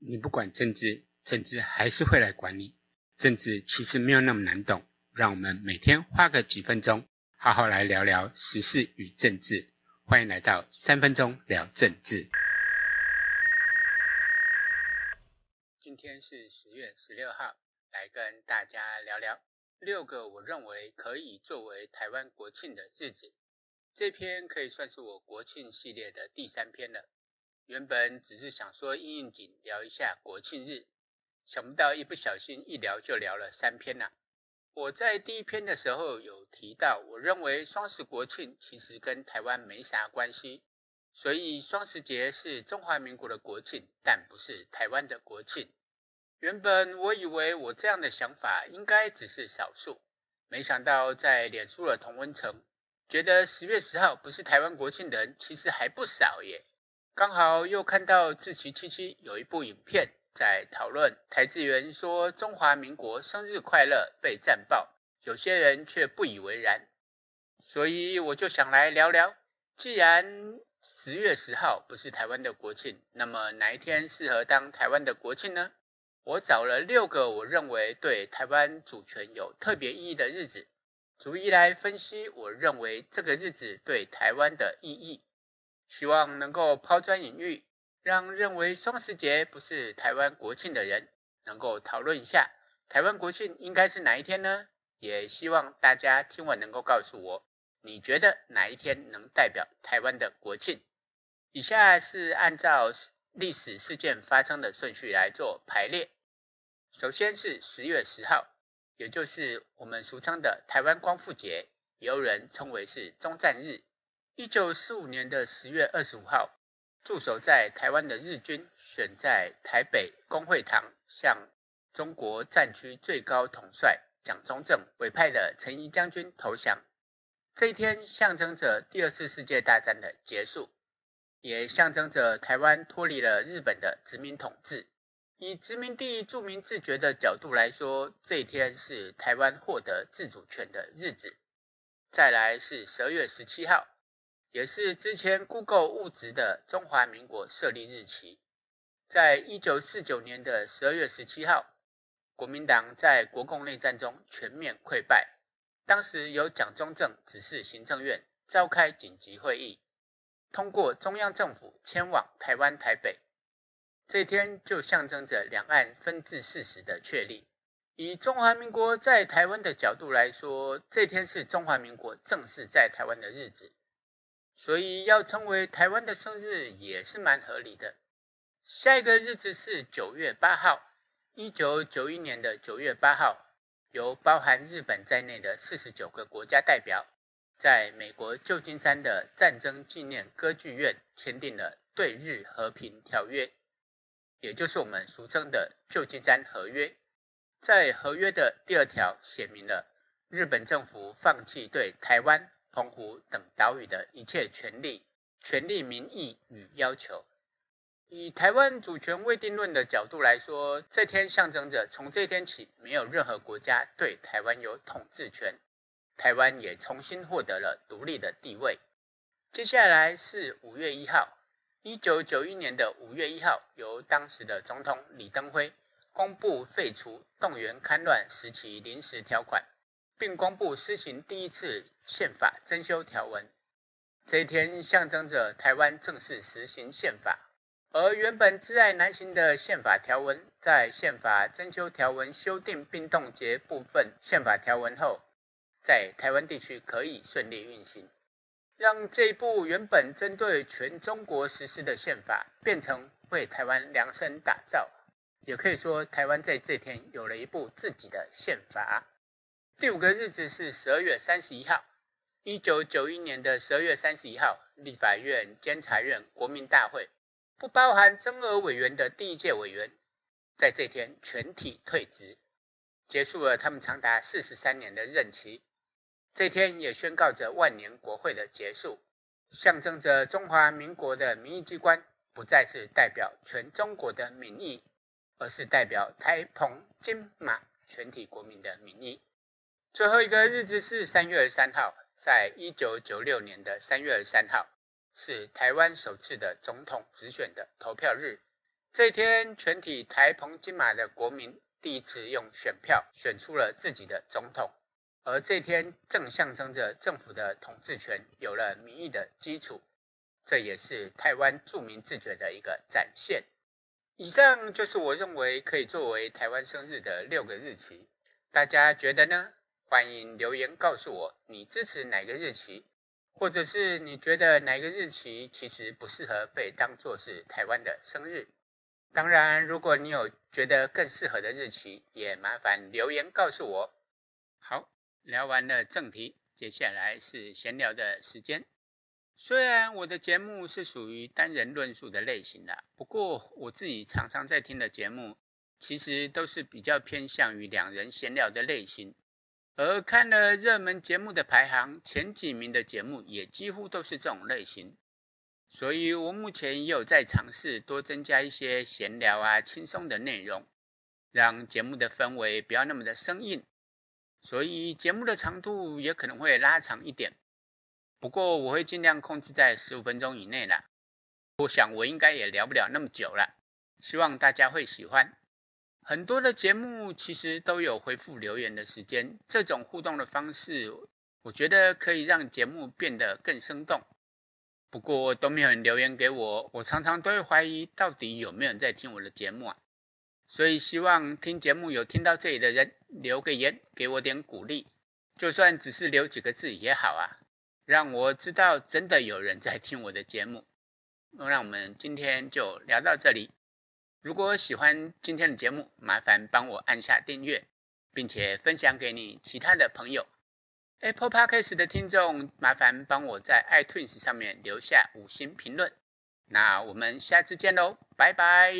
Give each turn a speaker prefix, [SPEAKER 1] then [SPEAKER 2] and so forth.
[SPEAKER 1] 你不管政治，政治還是會來管你。政治其實沒有那麼難懂，讓我們每天花個幾分鐘，好好來聊聊時事與政治。歡迎來到三分鐘聊政治。今天是十月十六號，來跟大家聊聊六個我認為可以作為台灣國慶的日子。這篇可以算是我國慶系列的第三篇了。原本只是想說應應景聊一下國慶日，想不到一不小心一聊就聊了三篇了啊。我在第一篇的時候有提到，我認為雙十國慶其實跟台灣沒啥關係，所以雙十節是中華民國的國慶，但不是台灣的國慶。原本我以為我這樣的想法應該只是少數，沒想到在臉書的同溫層，覺得十月十號不是台灣國慶的人其實還不少耶。剛好又看到志祺七七有一部影片在討論，台資員說“中華民國生日快樂”被讚爆，有些人卻不以為然。所以我就想來聊聊，既然十月十號不是台灣的國慶，那麼哪一天適合當台灣的國慶呢？我找了六個我認為對台灣主權有特別意義的日子，逐一來分析我認為這個日子對台灣的意義。希望能夠拋磚引玉，讓認為雙十節不是台灣國慶的人能夠討論一下台灣國慶應該是哪一天呢？也希望大家聽完能夠告訴我，你覺得哪一天能代表台灣的國慶？以下是按照歷史事件發生的順序來做排列。首先是十月二十五號，也就是我們俗稱的台灣光復節，也有人稱為是終戰日。一九四五年的十月二十五號，駐守在台灣的日軍選在台北公會堂向中國戰區最高統帥蔣中正委派的陳儀將軍投降。這一天象徵着第二次世界大戰的結束，也象徵着台灣脫離了日本的殖民統治。以殖民地著名自決的角度來說，這一天是台灣獲得自主權的日子。再來是十二月十七號。也是之前 Google 誤植的中華民國設立日期，在一九四九年的十二月十七號，國民黨在國共內戰中全面潰敗，當時由蔣中正指示行政院召開緊急會議，通過中央政府遷往台灣台北，這天就象徵着兩岸分治事實的確立。以中華民國在台灣的角度來說，這天是中華民國正式在台灣的日子。所以要稱為台灣的生日也是蠻合理的。下一個日子是九月八號，一九九一年的九月八號，由包含日本在內的四十九個國家代表，在美國舊金山的戰爭紀念歌劇院簽訂了對日和平條約，也就是我們俗稱的舊金山和約。在和約的第二條寫明了日本政府放棄對台灣。澎湖等島嶼的一切權利、權利名義與要求。以台灣主權未定論的角度來說，這天象徵着從這天起，沒有任何國家對台灣有統治權，台灣也重新獲得了獨立的地位。接下來是五月一號，一九九一年的五月一號，由當時的總統李登輝公布廢除動員戡亂時期臨時條款。並公布施行第一次憲法增修條文，這一天象徵着台灣正式實行憲法。而原本窒礙難行的憲法條文，在憲法增修條文修訂並凍結部分憲法條文後，在台灣地區可以順利運行，讓這一部原本針對全中國實施的憲法，變成為台灣量身打造。也可以說，台灣在這一天有了一部自己的憲法。第五個日子是十二月三十一號，一九九一年的十二月三十一號，立法院、監察院、國民大會不包含增額委員的第一屆委員，在這天全體退職，結束了他們長達四十三年的任期。這天也宣告着萬年國會的結束，象徵着中華民國的民意機關不再是代表全中國的民意，而是代表台澎金馬全體國民的民意。最後一個日子是三月二十三號，在一九九六年的三月二十三號，是台灣首次的總統直選的投票日。這天，全體台澎金馬的國民第一次用選票選出了自己的總統。而這天正象徵着政府的統治權有了民意的基礎，這也是台灣著名自覺的一個展現。以上就是我認為可以作為台灣生日的六個日期，大家覺得呢？歡迎留言告訴我你支持哪個日期，或者是你覺得哪個日期其實不適合被當作是台灣的生日。當然，如果你有覺得更適合的日期，也麻煩留言告訴我。好，聊完了正題，接下來是閒聊的時間。雖然我的節目是屬於單人論述的類型的，不過我自己常常在聽的節目，其實都是比較偏向於兩人閒聊的類型。而看了熱門節目的排行，前幾名的節目也幾乎都是這種類型，所以我目前也有在嘗試多增加一些閒聊啊、輕鬆的內容，讓節目的氛圍不要那麼的生硬。所以節目的長度也可能會拉長一點，不過我會盡量控制在十五分鐘以內啦，我想我應該也聊不了那麼久啦，希望大家會喜歡。很多的節目其實都有回復留言的時間，這種互動的方式，我覺得可以讓節目變得更生動。不過都沒有人留言給我，我常常都會懷疑到底有沒有人在聽我的節目啊。所以希望聽節目有聽到這裡的人留個言，給我點鼓勵，就算只是留幾個字也好啊，讓我知道真的有人在聽我的節目。那讓我們今天就聊到這裡。如果喜歡今天的節目，麻煩幫我按下訂閱，並且分享給你其他的朋友。Apple Podcast 的聽眾，麻煩幫我在 iTunes 上面留下五星評論。那我們下次見嘍，拜拜。